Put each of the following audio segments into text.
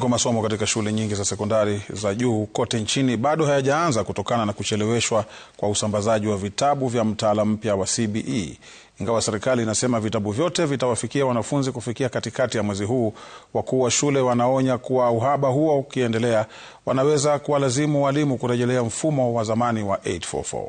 kwa masomo katika shule nyingi za sekondari za juu kote nchini bado hayajaanza kutokana na kucheleweshwa kwa usambazaji wa vitabu vya mtaala mpya wa CBE. Ingawa serikali inasema vitabu vyote vitawafikia wanafunzi kufikia katikati ya mwezi huu, wakuu wa shule wanaonya kuwa uhaba huo ukiendelea, wanaweza kuwalazimu walimu kurejelea mfumo wa zamani wa 844.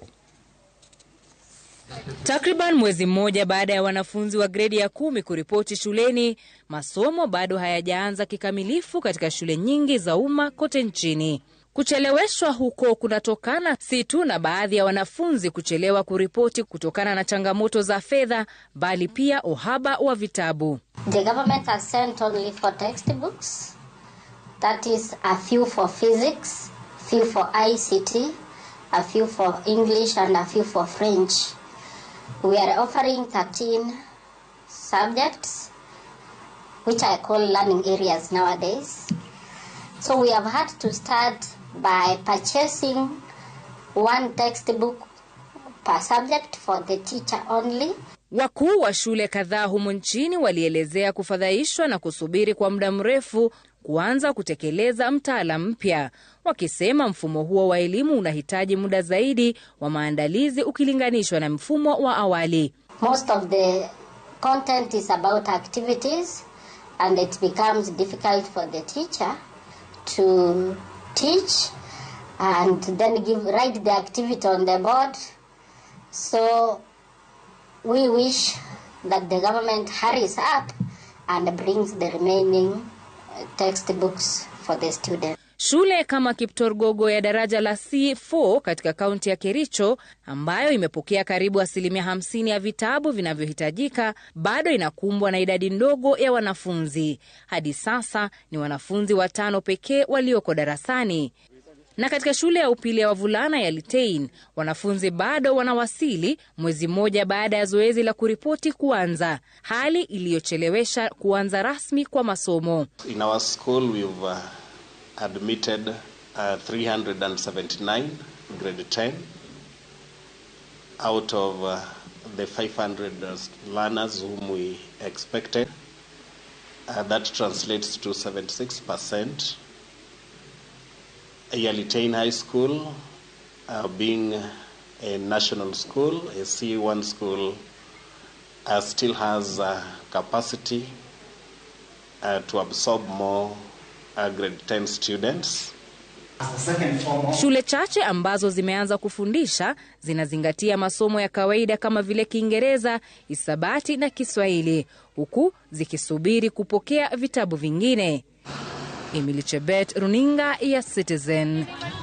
Takriban mwezi mmoja baada ya wanafunzi wa gredi ya kumi kuripoti shuleni, masomo bado hayajaanza kikamilifu katika shule nyingi za umma kote nchini. Kucheleweshwa huko kunatokana si tu na baadhi ya wanafunzi kuchelewa kuripoti kutokana na changamoto za fedha, bali pia uhaba wa vitabu. The we are offering 13 subjects which I call learning areas nowadays. So we have had to start by purchasing one textbook per subject for the teacher only. Wakuu wa shule kadhaa humu nchini walielezea kufadhaishwa na kusubiri kwa muda mrefu kuanza kutekeleza mtaala mpya, wakisema mfumo huo wa elimu unahitaji muda zaidi wa maandalizi ukilinganishwa na mfumo wa awali. Most of the content is about activities and it becomes difficult for the teacher to teach and then give, write the activity on the board so we wish that the government hurries up and brings the remaining uh, textbooks for the students. Shule kama Kiptorgogo ya daraja la C4 katika kaunti ya Kericho ambayo imepokea karibu asilimia hamsini ya vitabu vinavyohitajika bado inakumbwa na idadi ndogo ya wanafunzi. Hadi sasa ni wanafunzi watano pekee walioko darasani. Na katika shule ya upili ya wavulana ya Litein, wanafunzi bado wanawasili mwezi mmoja baada ya zoezi la kuripoti kuanza, hali iliyochelewesha kuanza rasmi kwa masomo. In our school we've uh, admitted 379 uh, grade 10 out of uh, the 500 learners whom we expected. Uh, that translates to 76% Yalitain High School uh, being a national school, a C1 school uh, still has uh, capacity uh, to absorb more uh, grade 10 students. Shule chache ambazo zimeanza kufundisha zinazingatia masomo ya kawaida kama vile Kiingereza, hisabati na Kiswahili, huku zikisubiri kupokea vitabu vingine. Emily Chebet, runinga ya Citizen.